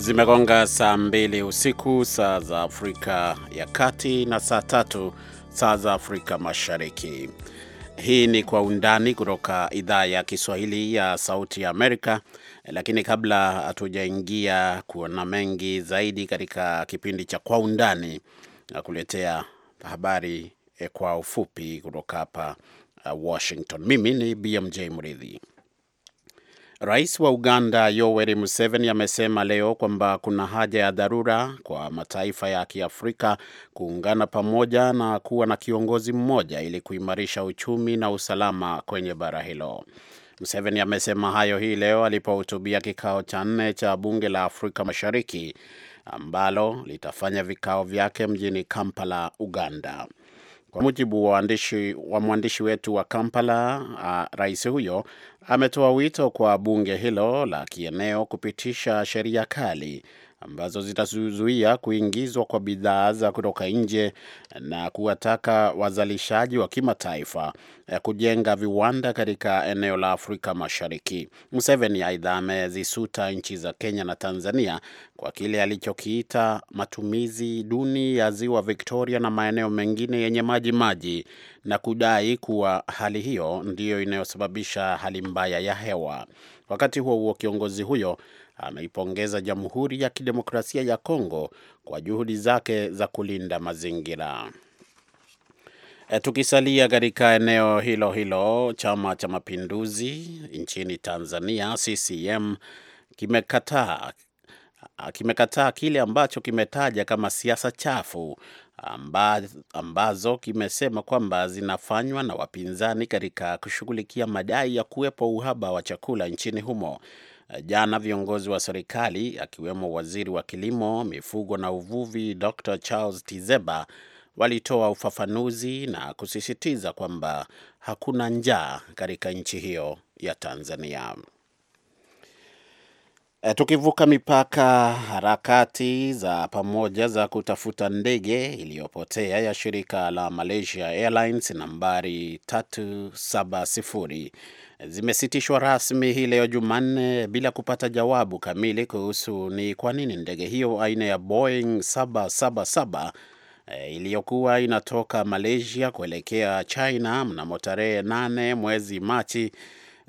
Zimegonga saa mbili usiku saa za Afrika ya Kati na saa tatu saa za Afrika Mashariki. Hii ni Kwa Undani kutoka idhaa ya Kiswahili ya Sauti ya Amerika. Lakini kabla hatujaingia kuona mengi zaidi katika kipindi cha Kwa Undani, kuletea habari eh, kwa ufupi kutoka hapa eh, Washington. Mimi ni BMJ Mridhi. Rais wa Uganda Yoweri Museveni amesema leo kwamba kuna haja ya dharura kwa mataifa ya Kiafrika kuungana pamoja na kuwa na kiongozi mmoja ili kuimarisha uchumi na usalama kwenye bara hilo. Museveni amesema hayo hii leo alipohutubia kikao cha nne cha bunge la Afrika Mashariki ambalo litafanya vikao vyake mjini Kampala, Uganda. Kwa mujibu wa, mwandishi wa mwandishi wetu wa Kampala, rais huyo ametoa wito kwa bunge hilo la kieneo kupitisha sheria kali ambazo zitazuia kuingizwa kwa bidhaa za kutoka nje na kuwataka wazalishaji wa kimataifa eh, kujenga viwanda katika eneo la Afrika Mashariki. Museveni aidha amezisuta nchi za Kenya na Tanzania kwa kile alichokiita matumizi duni ya ziwa Victoria na maeneo mengine yenye maji maji na kudai kuwa hali hiyo ndiyo inayosababisha hali mbaya ya hewa. Wakati huo huo, kiongozi huyo ameipongeza Jamhuri ya Kidemokrasia ya Kongo kwa juhudi zake za kulinda mazingira. E, tukisalia katika eneo hilo hilo, Chama cha Mapinduzi nchini Tanzania CCM kimekataa kimekataa kile ambacho kimetaja kama siasa chafu ambazo kimesema kwamba zinafanywa na wapinzani katika kushughulikia madai ya kuwepo uhaba wa chakula nchini humo. Jana viongozi wa serikali akiwemo waziri wa kilimo, mifugo na uvuvi Dr Charles Tizeba walitoa ufafanuzi na kusisitiza kwamba hakuna njaa katika nchi hiyo ya Tanzania. E, tukivuka mipaka, harakati za pamoja za kutafuta ndege iliyopotea ya shirika la Malaysia Airlines nambari 370 eh, zimesitishwa rasmi hii leo Jumanne bila kupata jawabu kamili kuhusu ni kwa nini ndege hiyo aina ya Boeing 777 e, eh, iliyokuwa inatoka Malaysia kuelekea China mnamo tarehe 8 mwezi Machi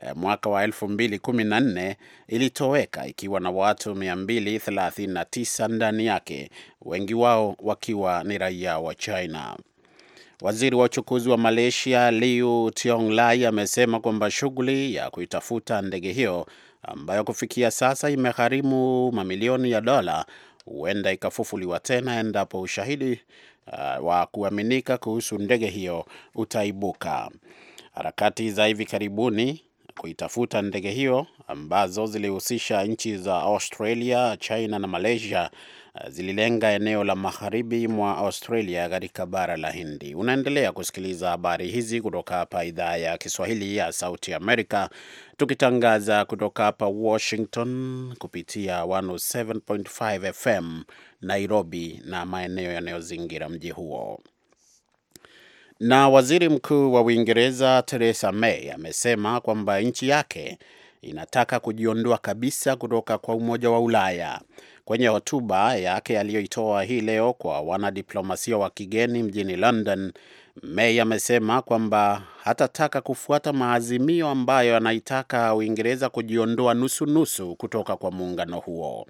Eh, mwaka wa 2014 ilitoweka ikiwa na watu 239 ndani yake, wengi wao wakiwa ni raia wa China. Waziri wa uchukuzi wa Malaysia Liu Tiong Lai amesema kwamba shughuli ya kuitafuta ndege hiyo ambayo kufikia sasa imegharimu mamilioni ya dola huenda ikafufuliwa tena endapo ushahidi uh, wa kuaminika kuhusu ndege hiyo utaibuka. Harakati za hivi karibuni kuitafuta ndege hiyo ambazo zilihusisha nchi za Australia, China na Malaysia eh, zililenga eneo la magharibi mwa Australia katika bara la Hindi. Unaendelea kusikiliza habari hizi kutoka hapa idhaa ya Kiswahili ya Sauti Amerika, tukitangaza kutoka hapa Washington kupitia 107.5 FM Nairobi na maeneo yanayozingira mji huo. Na waziri mkuu wa Uingereza Theresa May amesema kwamba nchi yake inataka kujiondoa kabisa kutoka kwa Umoja wa Ulaya. Kwenye hotuba yake aliyoitoa hii leo kwa wanadiplomasia wa kigeni mjini London, May amesema kwamba hatataka kufuata maazimio ambayo anaitaka Uingereza kujiondoa nusu nusu kutoka kwa muungano huo.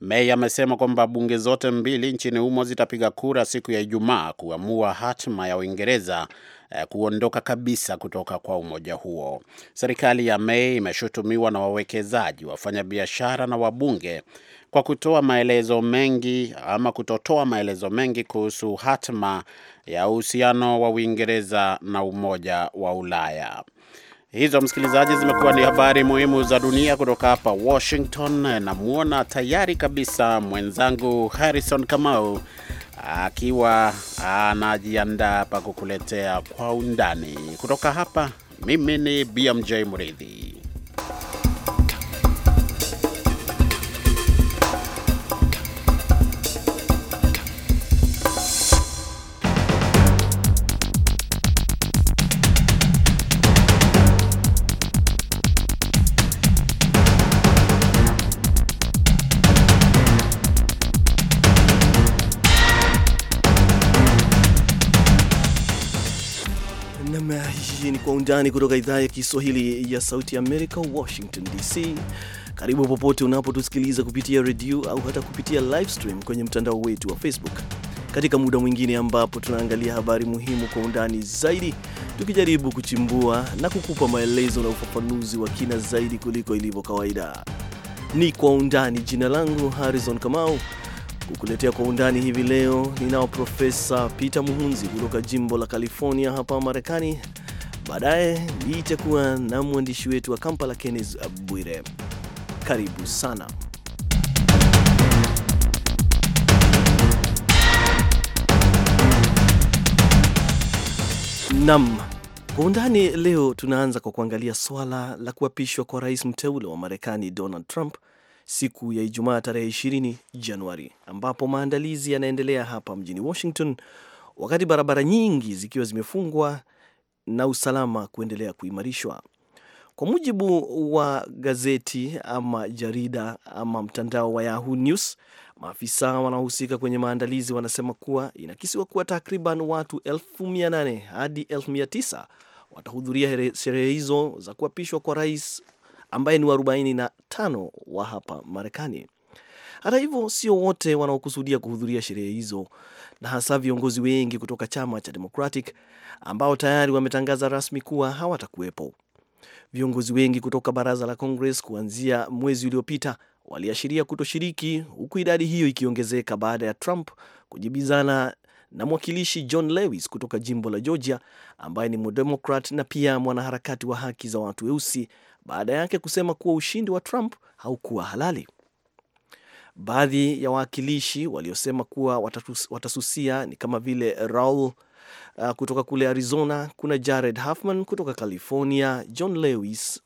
May amesema kwamba bunge zote mbili nchini humo zitapiga kura siku ya Ijumaa kuamua hatima ya Uingereza eh, kuondoka kabisa kutoka kwa umoja huo. Serikali ya May imeshutumiwa na wawekezaji, wafanyabiashara na wabunge kwa kutoa maelezo mengi ama kutotoa maelezo mengi kuhusu hatima ya uhusiano wa Uingereza na umoja wa Ulaya. Hizo msikilizaji, zimekuwa ni habari muhimu za dunia kutoka hapa Washington. Namwona tayari kabisa mwenzangu Harrison Kamau akiwa anajiandaa hapa kukuletea kwa undani kutoka hapa. Mimi ni BMJ Mridhi. undani kutoka idhaa ya Kiswahili ya Sauti Amerika, Washington DC. Karibu popote unapotusikiliza kupitia redio au hata kupitia live stream kwenye mtandao wetu wa Facebook katika muda mwingine ambapo tunaangalia habari muhimu kwa undani zaidi, tukijaribu kuchimbua na kukupa maelezo na ufafanuzi wa kina zaidi kuliko ilivyo kawaida. Ni kwa undani. Jina langu Harrison Kamau. Kukuletea kwa undani hivi leo ninao Profesa Peter Muhunzi kutoka jimbo la California hapa Marekani, Baadaye itakuwa na mwandishi wetu wa Kampala, Kennes Bwire. Karibu sana. Nam kwa undani leo, tunaanza kwa kuangalia swala la kuapishwa kwa rais mteule wa Marekani Donald Trump siku ya Ijumaa tarehe 20 Januari, ambapo maandalizi yanaendelea hapa mjini Washington, wakati barabara nyingi zikiwa zimefungwa na usalama kuendelea kuimarishwa. Kwa mujibu wa gazeti ama jarida ama mtandao wa Yahoo News, maafisa wanaohusika kwenye maandalizi wanasema kuwa inakisiwa kuwa takriban watu 8 hadi 9 watahudhuria sherehe hizo za kuapishwa kwa rais ambaye ni wa 45 wa hapa Marekani. Hata hivyo, sio wote wanaokusudia kuhudhuria sherehe hizo, na hasa viongozi wengi kutoka chama cha Democratic ambao tayari wametangaza rasmi kuwa hawatakuwepo. Viongozi wengi kutoka baraza la Congress kuanzia mwezi uliopita waliashiria kutoshiriki, huku idadi hiyo ikiongezeka baada ya Trump kujibizana na mwakilishi John Lewis kutoka jimbo la Georgia ambaye ni mdemokrat na pia mwanaharakati wa haki za watu weusi baada yake kusema kuwa ushindi wa Trump haukuwa halali. Baadhi ya wawakilishi waliosema kuwa watasusia ni kama vile Raul uh, kutoka kule Arizona, kuna Jared Huffman kutoka California, John Lewis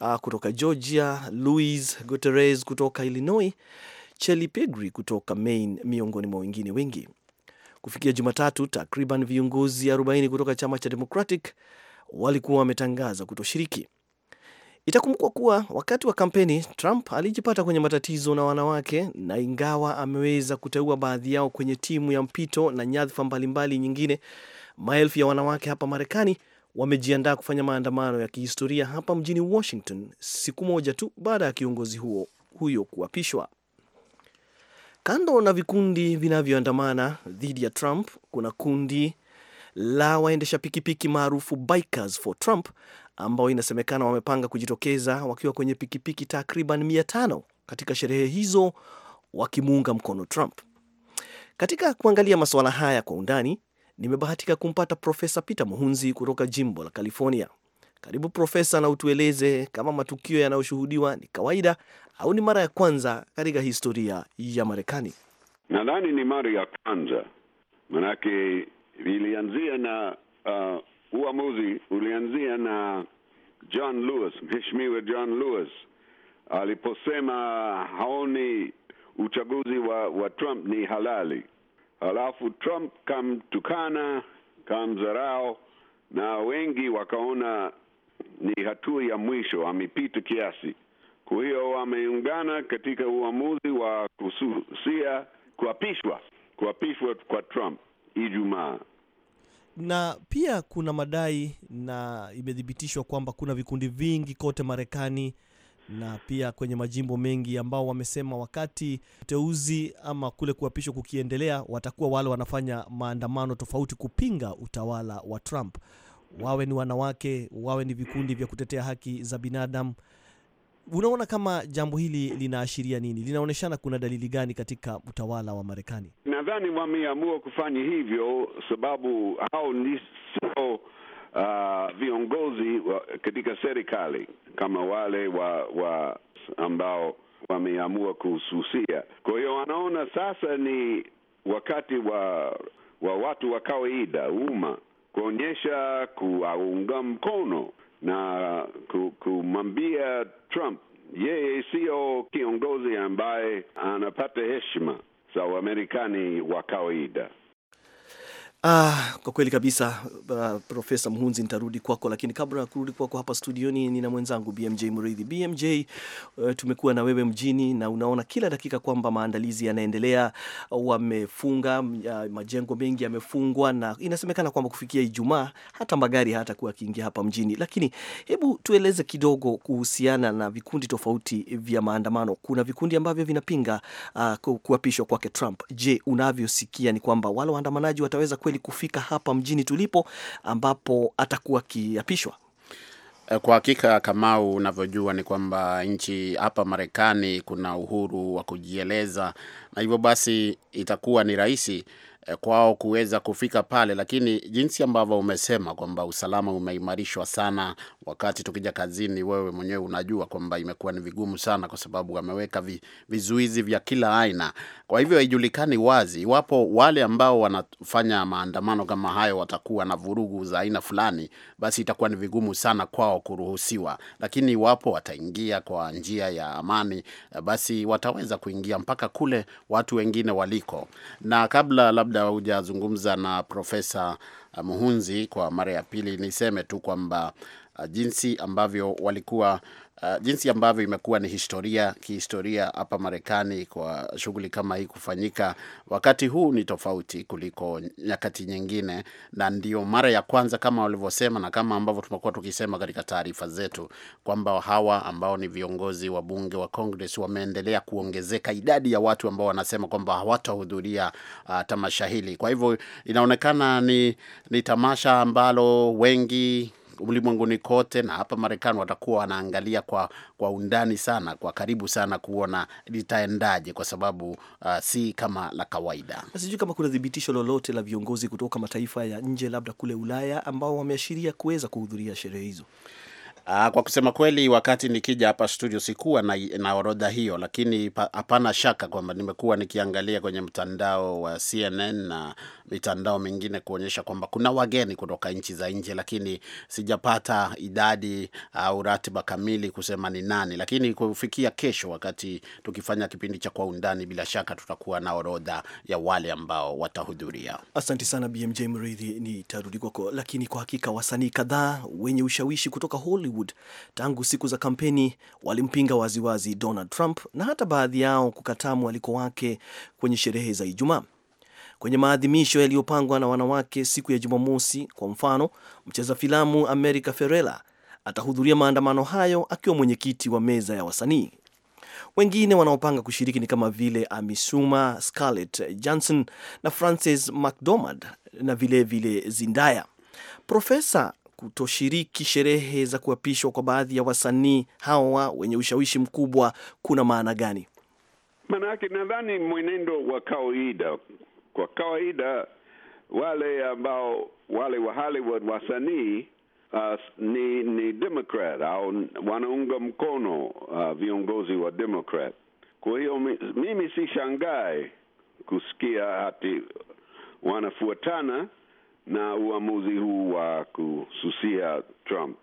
uh, kutoka Georgia, Luis Guterres kutoka Illinois, Cheli pegri kutoka Maine, miongoni mwa wengine wengi. Kufikia Jumatatu, takriban viongozi 40 kutoka chama cha Democratic walikuwa wametangaza kutoshiriki. Itakumbukwa kuwa wakati wa kampeni Trump alijipata kwenye matatizo na wanawake, na ingawa ameweza kuteua baadhi yao kwenye timu ya mpito na nyadhifa mbalimbali nyingine, maelfu ya wanawake hapa Marekani wamejiandaa kufanya maandamano ya kihistoria hapa mjini Washington siku moja tu baada ya kiongozi huo huyo kuapishwa. Kando na vikundi vinavyoandamana dhidi ya Trump, kuna kundi la waendesha pikipiki maarufu Bikers for Trump ambao inasemekana wamepanga kujitokeza wakiwa kwenye pikipiki takriban mia tano katika sherehe hizo wakimuunga mkono Trump. Katika kuangalia masuala haya kwa undani, nimebahatika kumpata Profesa Peter Muhunzi kutoka jimbo la California. Karibu Profesa, na utueleze kama matukio yanayoshuhudiwa ni kawaida au ni mara ya kwanza katika historia ya Marekani. Nadhani ni mara ya kwanza, manake ilianzia na uh, uamuzi ulianzia na John Lewis, mheshimiwa John Lewis aliposema haoni uchaguzi wa, wa Trump ni halali. alafu Trump kamtukana, kamdharau na wengi wakaona ni hatua ya mwisho, amepita kiasi. Kwa hiyo wameungana katika uamuzi wa kususia kuapishwa kuapishwa kwa Trump Ijumaa na pia kuna madai na imethibitishwa kwamba kuna vikundi vingi kote Marekani na pia kwenye majimbo mengi ambao wamesema wakati uteuzi ama kule kuapishwa kukiendelea, watakuwa wale wanafanya maandamano tofauti kupinga utawala wa Trump, wawe ni wanawake, wawe ni vikundi vya kutetea haki za binadamu. Unaona kama jambo hili linaashiria nini? Linaonyeshana kuna dalili gani katika utawala wa Marekani? nadhani wameamua kufanya hivyo sababu hao ni sio uh, viongozi wa, katika serikali kama wale wa, wa ambao wameamua kususia. Kwa hiyo wanaona sasa ni wakati wa, wa watu wa kawaida, umma kuonyesha kuaunga mkono na kumwambia Trump yeye siyo kiongozi ambaye anapata heshima za Wamarekani wa kawaida. Ah, kwa kweli kabisa uh, Profesa Mhunzi, nitarudi kwako, lakini kabla ya kurudi kwako hapa studioni nina mwenzangu BMJ Mridhi. BMJ, uh, eh, tumekuwa na wewe mjini na unaona kila dakika kwamba maandalizi yanaendelea, wamefunga uh, majengo mengi yamefungwa, na inasemekana kwamba kufikia Ijumaa hata magari hayatakuwa akiingia hapa mjini. Lakini hebu tueleze kidogo kuhusiana na vikundi tofauti vya maandamano. Kuna vikundi ambavyo vinapinga uh, kuapishwa kwake Trump. Je, unavyosikia ni kwamba wale waandamanaji wataweza kweli kufika hapa mjini tulipo, ambapo atakuwa akiapishwa. Eh, kwa hakika Kamau, unavyojua ni kwamba nchi hapa Marekani kuna uhuru wa kujieleza, na hivyo basi itakuwa ni rahisi Eh, kwao kuweza kufika pale, lakini jinsi ambavyo umesema kwamba usalama umeimarishwa sana. Wakati tukija kazini, wewe mwenyewe unajua kwamba imekuwa ni vigumu sana, kwa sababu wameweka vi, vizuizi vya kila aina. Kwa hivyo haijulikani wazi iwapo wale ambao wanafanya maandamano kama hayo watakuwa na vurugu za aina fulani, basi itakuwa ni vigumu sana kwao kuruhusiwa, lakini iwapo wataingia kwa njia ya amani, eh, basi wataweza kuingia mpaka kule watu wengine waliko, na kabla kabla hujazungumza na Profesa uh, Muhunzi kwa mara ya pili, niseme tu kwamba uh, jinsi ambavyo walikuwa uh, jinsi ambavyo imekuwa ni historia kihistoria hapa Marekani kwa shughuli kama hii kufanyika wakati huu ni tofauti kuliko nyakati nyingine, na ndio mara ya kwanza kama walivyosema, na kama ambavyo tumekuwa tukisema katika taarifa zetu kwamba hawa ambao ni viongozi wa bunge wa Congress wameendelea kuongezeka idadi ya watu ambao wanasema kwamba hawatahudhuria uh, tamasha hili. Kwa hivyo inaonekana ni, ni tamasha ambalo wengi ulimwenguni kote na hapa Marekani watakuwa wanaangalia kwa, kwa undani sana kwa karibu sana kuona litaendaje, kwa sababu uh, si kama la kawaida. Sijui kama kuna thibitisho lolote la viongozi kutoka mataifa ya nje, labda kule Ulaya, ambao wameashiria kuweza kuhudhuria sherehe hizo. Aa, ah, kwa kusema kweli, wakati nikija hapa studio sikuwa na, na orodha hiyo, lakini hapana shaka kwamba nimekuwa nikiangalia kwenye mtandao wa CNN na mitandao mingine kuonyesha kwamba kuna wageni kutoka nchi za nje, lakini sijapata idadi au ratiba kamili kusema ni nani, lakini kufikia kesho, wakati tukifanya kipindi cha Kwa Undani, bila shaka tutakuwa na orodha ya wale ambao watahudhuria. Asante sana BMJ Mridhi, nitarudi kwako, lakini kwa hakika wasanii kadhaa wenye ushawishi kutoka Hollywood Hollywood tangu siku za kampeni walimpinga waziwazi Donald Trump na hata baadhi yao kukataa mwaliko wake kwenye sherehe za Ijumaa. Kwenye maadhimisho yaliyopangwa na wanawake siku ya Jumamosi, kwa mfano, mcheza filamu America Ferrera atahudhuria maandamano hayo akiwa mwenyekiti wa meza ya wasanii. Wengine wanaopanga kushiriki ni kama vile Amisuma Scarlett Johansson na Frances McDormand na vilevile vile Zendaya. Profesa kutoshiriki sherehe za kuapishwa kwa baadhi ya wasanii hawa wenye ushawishi mkubwa kuna maana gani? Maana yake nadhani mwenendo wa kawaida, kwa kawaida wale ambao wale wa Hollywood wasanii Uh, ni ni Democrat au wanaunga mkono uh, viongozi wa Democrat. Kwa hiyo mimi si shangae kusikia hati wanafuatana na uamuzi huu wa kususia Trump.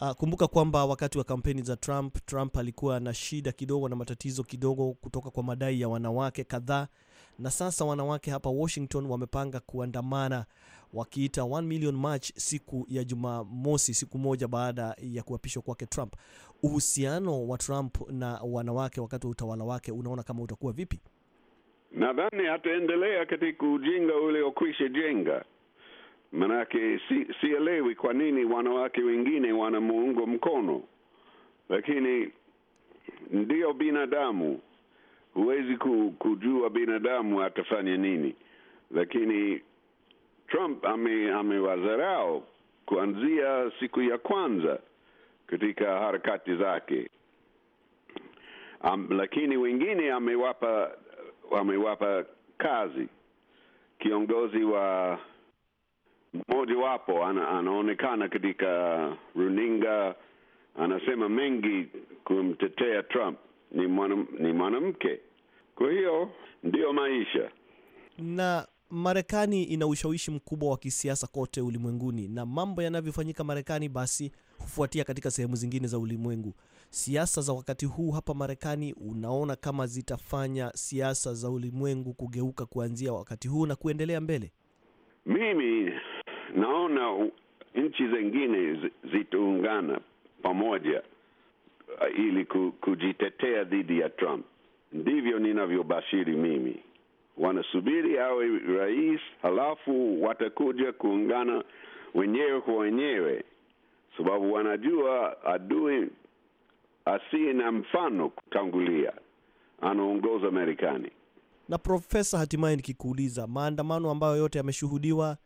Uh, kumbuka kwamba wakati wa kampeni za Trump, Trump alikuwa na shida kidogo na matatizo kidogo kutoka kwa madai ya wanawake kadhaa, na sasa wanawake hapa Washington wamepanga kuandamana wakiita Million March siku ya Jumamosi, siku moja baada ya kuapishwa kwake Trump. Uhusiano wa Trump na wanawake wakati wa utawala wake unaona kama utakuwa vipi? Nadhani ataendelea katika ujinga ule jenga Manake si, sielewi kwa nini wanawake wengine wanamuunga mkono, lakini ndio binadamu, huwezi kujua binadamu atafanya nini. Lakini Trump amewazarao ame kuanzia siku ya kwanza katika harakati zake. Um, lakini wengine amewapa amewapa kazi. Kiongozi wa mojawapo ana, anaonekana katika runinga anasema mengi kumtetea Trump. Ni mwanam, ni mwanamke. Kwa hiyo ndiyo maisha. Na Marekani ina ushawishi mkubwa wa kisiasa kote ulimwenguni, na mambo yanavyofanyika Marekani basi hufuatia katika sehemu zingine za ulimwengu. Siasa za wakati huu hapa Marekani, unaona kama zitafanya siasa za ulimwengu kugeuka kuanzia wakati huu na kuendelea mbele? Mimi naona nchi zingine zitaungana pamoja uh, ili kujitetea dhidi ya Trump. Ndivyo ninavyobashiri mimi. Wanasubiri awe rais, halafu watakuja kuungana wenyewe kwa wenyewe, sababu wanajua adui asiye na mfano kutangulia anaongoza Marekani. Na profesa, hatimaye nikikuuliza, maandamano ambayo yote yameshuhudiwa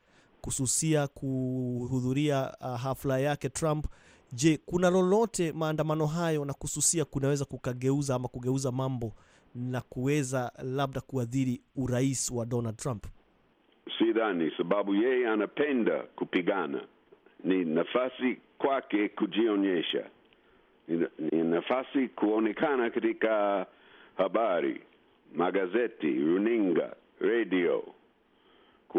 kususia kuhudhuria uh, hafla yake Trump. Je, kuna lolote maandamano hayo na kususia kunaweza kukageuza ama kugeuza mambo na kuweza labda kuadhiri urais wa Donald Trump? Sidhani, sababu yeye anapenda kupigana. Ni nafasi kwake kujionyesha, ni nafasi kuonekana katika habari, magazeti, runinga, redio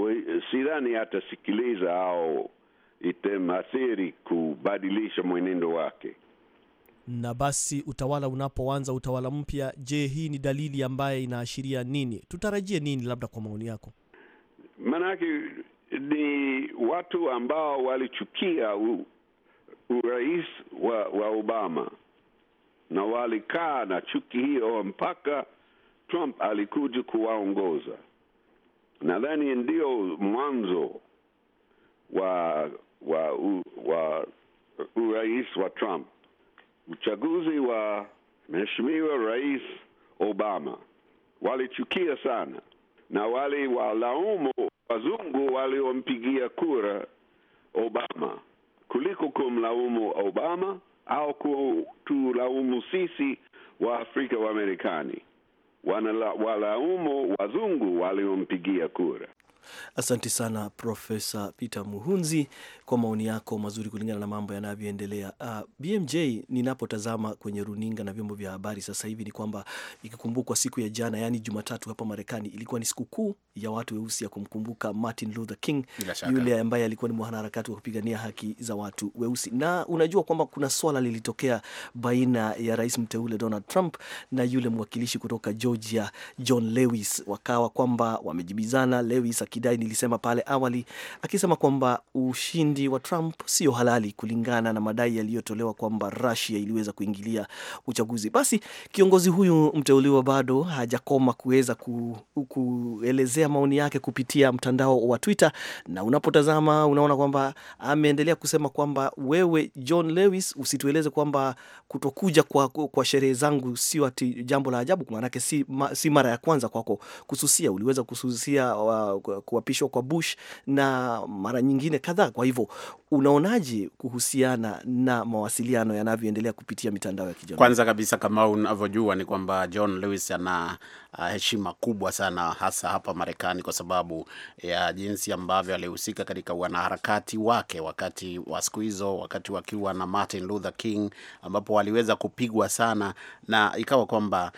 kwa sidhani atasikiliza au itemathiri kubadilisha mwenendo wake. Na basi utawala unapoanza utawala mpya, je, hii ni dalili ambaye inaashiria nini? Tutarajie nini labda kwa maoni yako? Maanake ni watu ambao walichukia u, urais wa, wa Obama na walikaa na chuki hiyo mpaka Trump alikuja kuwaongoza nadhani ndio mwanzo wa wa u, wa urais wa Trump, uchaguzi wa mheshimiwa Rais Obama. Walichukia sana na waliwalaumu wazungu waliompigia kura Obama kuliko kumlaumu Obama au kutulaumu sisi wa Afrika wa Marekani walaumu wazungu waliompigia kura. Asante sana Profesa Peter Muhunzi kwa maoni yako mazuri kulingana na mambo yanavyoendelea. Uh, ah, BMJ, ninapotazama kwenye runinga na vyombo vya habari sasa hivi ni kwamba ikikumbukwa siku ya jana, yani Jumatatu hapa Marekani ilikuwa ni sikukuu ya watu weusi ya kumkumbuka Martin Luther King, yule ambaye alikuwa ni mwanaharakati wa kupigania haki za watu weusi, na unajua kwamba kuna swala lilitokea baina ya rais mteule Donald Trump na yule mwakilishi kutoka Georgia John Lewis, wakawa kwamba wamejibizana, Lewis akidai nilisema pale awali, akisema kwamba ushindi ushindi wa Trump sio halali kulingana na madai yaliyotolewa kwamba Russia iliweza kuingilia uchaguzi. Basi kiongozi huyu mteuliwa bado hajakoma kuweza ku, kuelezea maoni yake kupitia mtandao wa Twitter, na unapotazama unaona kwamba ameendelea kusema kwamba wewe John Lewis usitueleze kwamba kutokuja kwa, kwa sherehe zangu sio ati jambo la ajabu, maanake si, ma, si mara ya kwanza kwako kususia. Uliweza kususia kuapishwa kwa Bush na mara nyingine kadhaa, kwa hivyo Unaonaje kuhusiana na mawasiliano yanavyoendelea kupitia mitandao ya kijamii? Kwanza kabisa, kama unavyojua ni kwamba John Lewis ana ah, heshima kubwa sana hasa hapa Marekani kwa sababu ya jinsi ambavyo alihusika katika wanaharakati wake wakati wa siku hizo, wakati wakiwa na Martin Luther King, ambapo waliweza kupigwa sana na ikawa kwamba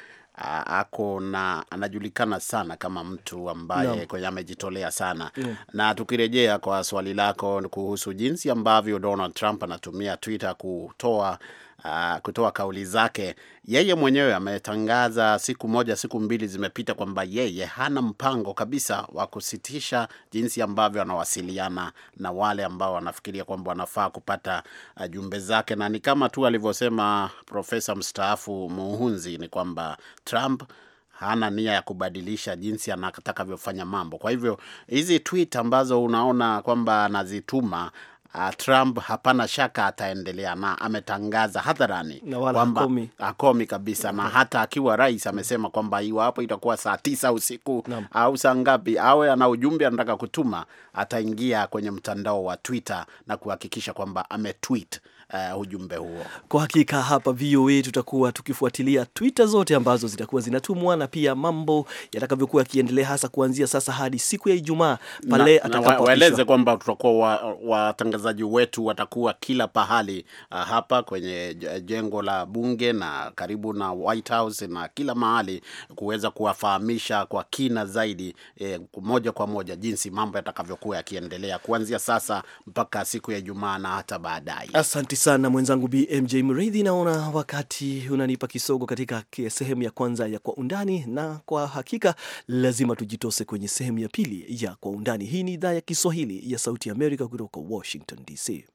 ako na anajulikana sana kama mtu ambaye no. amejitolea sana mm. Na tukirejea kwa swali lako kuhusu jinsi ambavyo Donald Trump anatumia Twitter kutoa uh, kutoa kauli zake. Yeye mwenyewe ametangaza siku moja, siku mbili zimepita, kwamba yeye hana mpango kabisa wa kusitisha jinsi ambavyo anawasiliana na wale ambao wanafikiria kwamba wanafaa kupata uh, jumbe zake, na ni kama tu alivyosema profesa mstaafu Muhunzi ni kwamba Trump hana nia ya kubadilisha jinsi anatakavyofanya mambo. Kwa hivyo hizi tweet ambazo unaona kwamba anazituma uh, Trump hapana shaka ataendelea na ametangaza hadharani kwamba akomi kabisa, na hata akiwa rais amesema kwamba iwapo itakuwa saa tisa usiku au saa ngapi, awe ana ujumbe anataka kutuma, ataingia kwenye mtandao wa Twitter na kuhakikisha kwamba ametweet uh, ujumbe huo. Kwa hakika hapa VOA tutakuwa tukifuatilia Twitter zote ambazo zitakuwa zinatumwa na pia mambo yatakavyokuwa yakiendelea, hasa kuanzia sasa hadi siku ya Ijumaa pale atakapoeleze kwamba tutakuwa watangazaji wa wetu watakuwa kila pahali uh, hapa kwenye jengo la bunge na karibu na White House na kila mahali kuweza kuwafahamisha kwa kina zaidi eh, moja kwa moja jinsi mambo yatakavyokuwa yakiendelea kuanzia sasa mpaka siku ya Ijumaa na hata baadaye. Asante sana mwenzangu BMJ Mridhi. Naona wakati unanipa kisogo katika sehemu ya kwanza ya Kwa Undani, na kwa hakika lazima tujitose kwenye sehemu ya pili ya Kwa Undani. Hii ni idhaa ya Kiswahili ya Sauti ya Amerika kutoka Washington DC.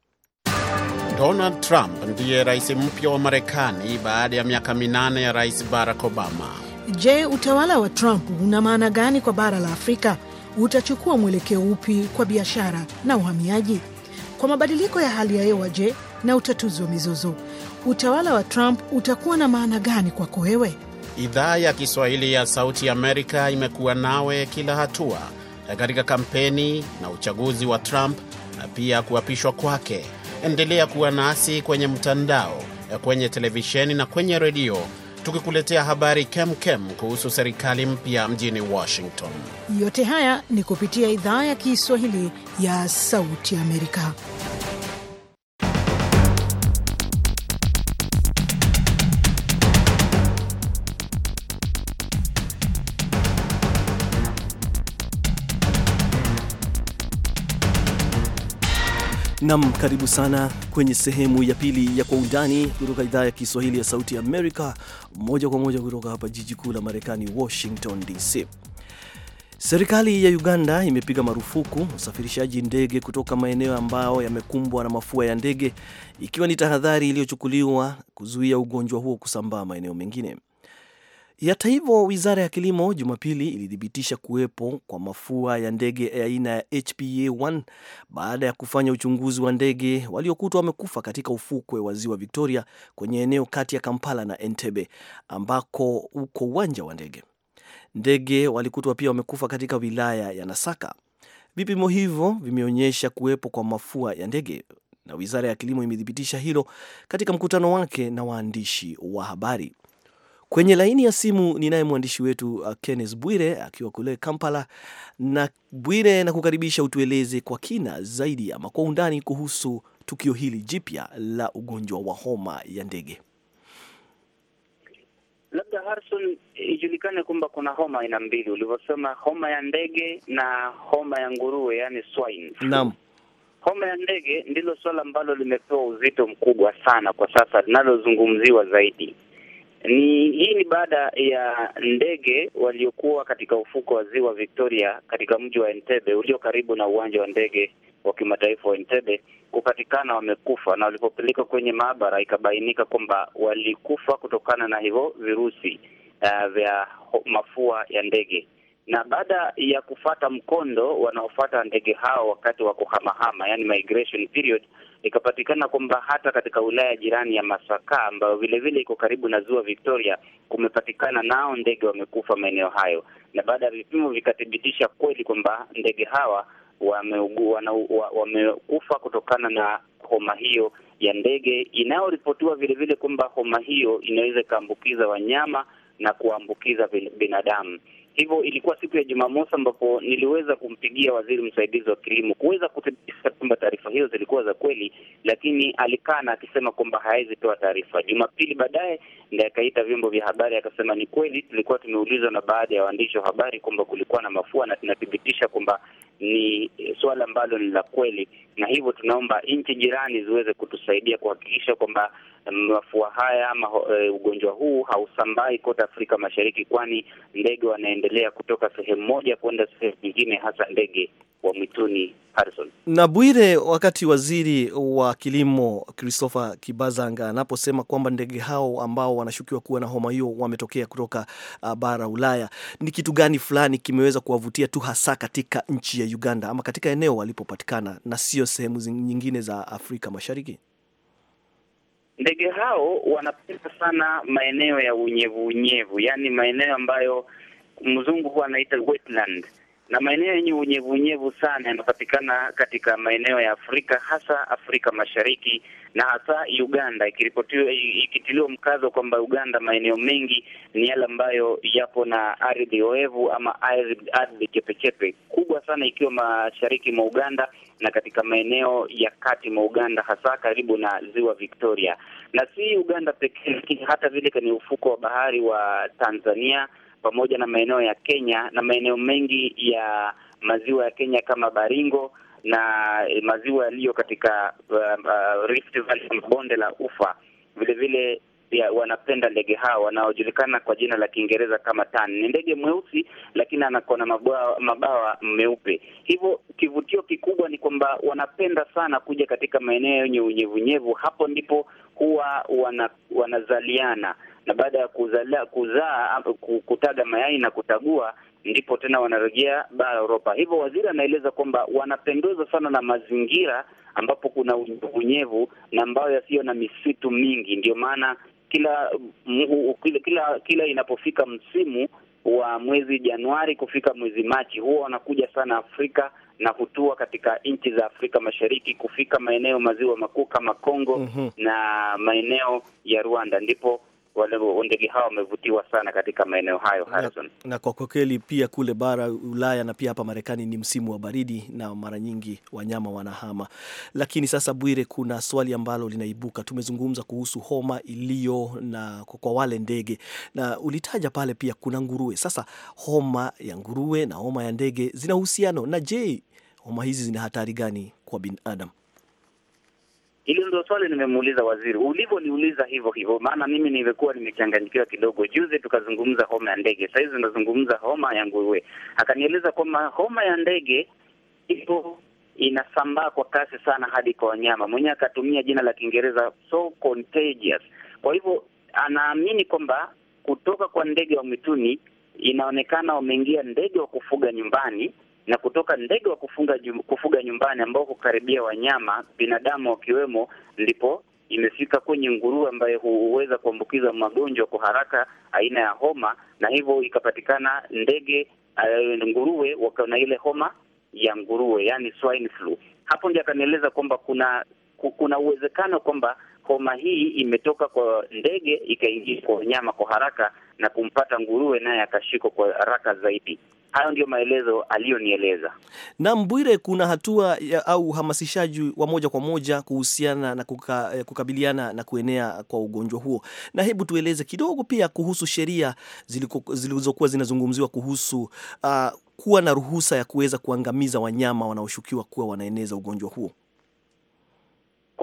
Donald Trump ndiye rais mpya wa Marekani baada ya miaka minane ya Rais Barack Obama. Je, utawala wa Trump una maana gani kwa bara la Afrika? Utachukua mwelekeo upi kwa biashara na uhamiaji? Kwa mabadiliko ya hali ya hewa, je, na utatuzi wa mizozo. Utawala wa Trump utakuwa na maana gani kwako wewe? Idhaa ya Kiswahili ya Sauti Amerika imekuwa nawe kila hatua katika kampeni na uchaguzi wa Trump na pia kuapishwa kwake. Endelea kuwa nasi kwenye mtandao, kwenye televisheni na kwenye redio tukikuletea habari kemkem kuhusu serikali mpya mjini Washington. Yote haya ni kupitia idhaa ya Kiswahili ya Sauti Amerika. Nam, karibu sana kwenye sehemu ya pili ya Kwa Undani kutoka idhaa ya Kiswahili ya Sauti ya Amerika, moja kwa moja kutoka hapa jiji kuu la Marekani, Washington DC. Serikali ya Uganda imepiga marufuku usafirishaji ndege kutoka maeneo ambayo yamekumbwa na mafua ya ndege, ikiwa ni tahadhari iliyochukuliwa kuzuia ugonjwa huo kusambaa maeneo mengine. Hata hivyo, wizara ya kilimo Jumapili ilithibitisha kuwepo kwa mafua ya ndege aina ya HPA1 baada ya kufanya uchunguzi wa ndege waliokutwa wamekufa katika ufukwe wa ziwa Victoria kwenye eneo kati ya Kampala na Entebbe ambako uko uwanja wa ndege. Ndege walikutwa pia wamekufa katika wilaya ya Nasaka. Vipimo hivyo vimeonyesha kuwepo kwa mafua ya ndege na wizara ya kilimo imethibitisha hilo katika mkutano wake na waandishi wa habari. Kwenye laini ya simu ninaye mwandishi wetu uh, kennes Bwire akiwa kule Kampala. Na Bwire, na kukaribisha utueleze kwa kina zaidi ama kwa undani kuhusu tukio hili jipya la ugonjwa wa homa ya ndege. Labda Harrison, ijulikane kwamba kuna homa aina mbili ulivyosema, homa ya ndege na homa ya nguruwe, yani swine. Naam. Homa ya ndege ndilo suala ambalo limepewa uzito mkubwa sana kwa sasa, linalozungumziwa zaidi. Ni hii ni baada ya ndege waliokuwa katika ufuko wa ziwa Victoria katika mji wa Entebbe ulio karibu na uwanja wa ndege wa kimataifa wa Entebbe kupatikana wamekufa, na walipopelekwa kwenye maabara ikabainika kwamba walikufa kutokana na hivyo virusi uh, vya mafua ya ndege na baada ya kufata mkondo wanaofata ndege hao wakati wa kuhamahama, yani migration period, ikapatikana kwamba hata katika wilaya jirani ya Masaka ambayo vilevile iko karibu na ziwa Victoria kumepatikana nao ndege wamekufa maeneo hayo, na baada ya vipimo vikathibitisha kweli kwamba ndege hawa wameugua na wamekufa kutokana na homa hiyo ya ndege inayoripotiwa vilevile kwamba homa hiyo inaweza ikaambukiza wanyama na kuambukiza binadamu. Hivyo ilikuwa siku ya Jumamosi ambapo niliweza kumpigia waziri msaidizi wa kilimo kuweza kuthibitisha kwamba taarifa hizo zilikuwa za kweli, lakini alikana akisema kwamba hawezi toa taarifa. Jumapili baadaye ndiye akaita vyombo vya habari akasema, ni kweli tulikuwa tumeulizwa na baadhi ya waandishi wa habari kwamba kulikuwa na mafua na tunathibitisha kwamba ni suala ambalo ni la kweli, na hivyo tunaomba nchi jirani ziweze kutusaidia kuhakikisha kwamba mafua haya ama e, ugonjwa huu hausambai kote Afrika Mashariki, kwani ndege wanaendelea kutoka sehemu moja kwenda sehemu nyingine, hasa ndege wa mwituni. Harrison na Bwire, wakati waziri wa kilimo Christopher Kibazanga anaposema kwamba ndege hao ambao wanashukiwa kuwa na homa hiyo wametokea kutoka uh, bara Ulaya, ni kitu gani fulani kimeweza kuwavutia tu hasa katika nchi ya Uganda ama katika eneo walipopatikana na sio sehemu nyingine za Afrika Mashariki? Ndege hao wanapenda sana maeneo ya unyevu unyevu, yaani maeneo ambayo mzungu huwa anaita wetland na maeneo yenye unyevunyevu sana yanapatikana katika maeneo ya Afrika hasa Afrika Mashariki na hasa Uganda, ikitiliwa mkazo kwamba Uganda maeneo mengi ni yale ambayo yapo na ardhi oevu ama ardhi chepechepe kubwa sana, ikiwa mashariki mwa Uganda na katika maeneo ya kati mwa Uganda, hasa karibu na ziwa Victoria, na si Uganda pekee, lakini hata vile kwenye ufuko wa bahari wa Tanzania pamoja na maeneo ya Kenya na maeneo mengi ya maziwa ya Kenya kama Baringo na eh, maziwa yaliyo katika uh, uh, Rift Valley, bonde la Ufa. Vile vile ya, wanapenda ndege hao wanaojulikana kwa jina la Kiingereza kama tan. Ni ndege mweusi lakini anako na mabawa, mabawa meupe. Hivyo kivutio kikubwa ni kwamba wanapenda sana kuja katika maeneo yenye unyevunyevu, hapo ndipo huwa wana, wanazaliana na baada ya kuzala, kuzaa kutaga mayai na kutagua ndipo tena wanarejea bara Europa. Hivyo waziri anaeleza kwamba wanapendezwa sana na mazingira ambapo kuna unyevunyevu na ambayo yasiyo na misitu mingi, ndio maana kila, kila kila kila inapofika msimu wa mwezi Januari kufika mwezi Machi huwa wanakuja sana Afrika na kutua katika nchi za Afrika Mashariki kufika maeneo maziwa makuu kama Kongo mm -hmm. na maeneo ya Rwanda ndipo wale ndege hawa wamevutiwa sana katika maeneo hayo Harrison. Na, na kwa kweli pia kule bara Ulaya na pia hapa Marekani ni msimu wa baridi na mara nyingi wanyama wanahama. Lakini sasa, Bwire, kuna swali ambalo linaibuka. Tumezungumza kuhusu homa iliyo na kwa wale ndege na ulitaja pale pia kuna nguruwe. Sasa homa ya nguruwe na homa ya ndege zina uhusiano na je, homa hizi zina hatari gani kwa binadamu? Hili ndio swali nimemuuliza waziri, ulivyoniuliza hivyo hivyo, maana mimi nimekuwa nimechanganyikiwa kidogo. Juzi tukazungumza homa ya ndege, sahizi hizi homa ya nguruwe. Akanieleza kwamba homa ya ndege ipo inasambaa kwa kasi sana hadi kwa wanyama. Mwenyewe akatumia jina la Kiingereza so contagious. Kwa hivyo anaamini kwamba kutoka kwa ndege wa mwituni inaonekana wameingia ndege wa kufuga nyumbani na kutoka ndege wa kufunga, kufuga nyumbani ambao hukaribia wanyama binadamu wakiwemo, ndipo imefika kwenye nguruwe ambaye huweza kuambukiza magonjwa kwa haraka aina ya homa, na hivyo ikapatikana ndege uh, nguruwe wakawa na ile homa ya nguruwe, yani swine flu. Hapo ndio akanieleza kwamba kuna kuna uwezekano kwamba homa hii imetoka kwa ndege ikaingia kwa wanyama kwa haraka na kumpata nguruwe, naye akashikwa kwa haraka zaidi. Hayo ndiyo maelezo aliyonieleza. Naam, Bwire, kuna hatua ya, au uhamasishaji wa moja kwa moja kuhusiana na kuka, eh, kukabiliana na kuenea kwa ugonjwa huo, na hebu tueleze kidogo pia kuhusu sheria zilizokuwa zinazungumziwa kuhusu uh, kuwa na ruhusa ya kuweza kuangamiza wanyama wanaoshukiwa kuwa wanaeneza ugonjwa huo.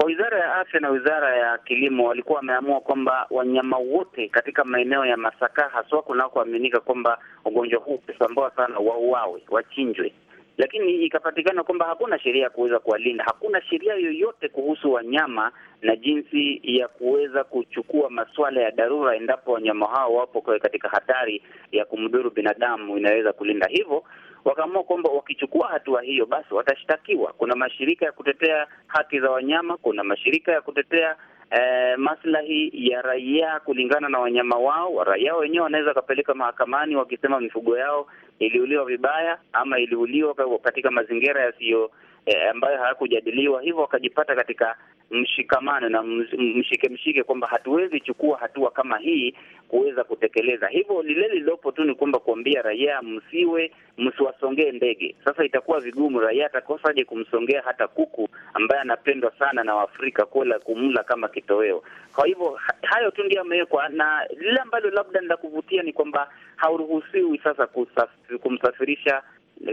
Kwa wizara ya afya na wizara ya kilimo walikuwa wameamua kwamba wanyama wote katika maeneo ya Masaka haswa kunakoaminika kwamba ugonjwa huu umesambaa sana, wauawe, wachinjwe lakini ikapatikana kwamba hakuna sheria ya kuweza kuwalinda, hakuna sheria yoyote kuhusu wanyama na jinsi ya kuweza kuchukua masuala ya dharura endapo wanyama hao wapo katika hatari ya kumdhuru binadamu inaweza kulinda. Hivyo wakaamua kwamba wakichukua hatua hiyo, basi watashtakiwa. Kuna mashirika ya kutetea haki za wanyama, kuna mashirika ya kutetea eh, maslahi ya raia kulingana na wanyama wao. Raia wenyewe wanaweza wakapeleka mahakamani wakisema mifugo yao iliuliwa vibaya ama iliuliwa katika mazingira yasiyo eh, ambayo hayakujadiliwa, hivyo wakajipata katika mshikamano na mshike mshike, kwamba hatuwezi chukua hatua kama hii kuweza kutekeleza hivyo. Lile lililopo tu ni kwamba kuambia raia msiwe, msiwasongee ndege. Sasa itakuwa vigumu, raia atakosaje kumsongea hata kuku ambaye anapendwa sana na Waafrika kula kumla kama kitoweo? Kwa hivyo hayo tu ndio yamewekwa, na lile ambalo labda ni la kuvutia ni kwamba hauruhusiwi sasa kumsafirisha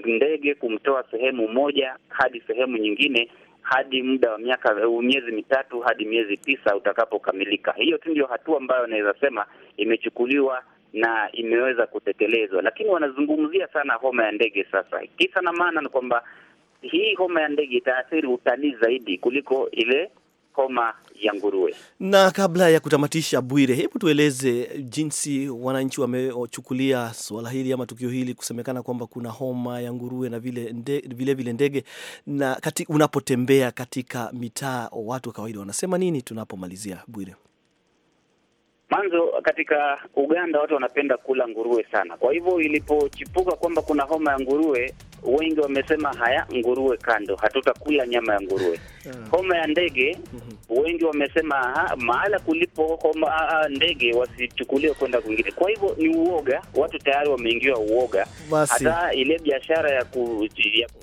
ndege kumtoa sehemu moja hadi sehemu nyingine hadi muda wa miaka miezi mitatu hadi miezi tisa utakapokamilika. Hiyo tu ndio hatua ambayo naweza sema imechukuliwa na imeweza kutekelezwa, lakini wanazungumzia sana homa ya ndege. Sasa kisa na maana ni kwamba hii homa ya ndege itaathiri utalii zaidi kuliko ile homa ya nguruwe. Na kabla ya kutamatisha, Bwire, hebu tueleze jinsi wananchi wamechukulia suala hili ama tukio hili, kusemekana kwamba kuna homa ya nguruwe na vile nde, vile, vile ndege na kati, unapotembea katika mitaa, watu wa kawaida wanasema nini tunapomalizia, Bwire? mwanzo katika Uganda watu wanapenda kula nguruwe sana. Kwa hivyo ilipochipuka kwamba kuna homa ya nguruwe, wengi wamesema haya, nguruwe kando, hatutakula nyama ya nguruwe. Homa ya ndege, mm-hmm. wengi wamesema ha, mahala kulipo homa ah, ah, ndege wasichukuliwe kwenda kwingine. Kwa hivyo ni uoga, watu tayari wameingiwa uoga, hata ile biashara ya ku, ya ku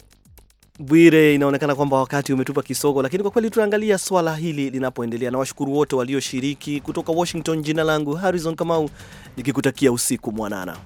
Bwire, inaonekana kwamba wakati umetupa kisogo, lakini kwa kweli tunaangalia swala hili linapoendelea, na washukuru wote walioshiriki. Kutoka Washington, jina langu Harrison Kamau, nikikutakia usiku mwanana.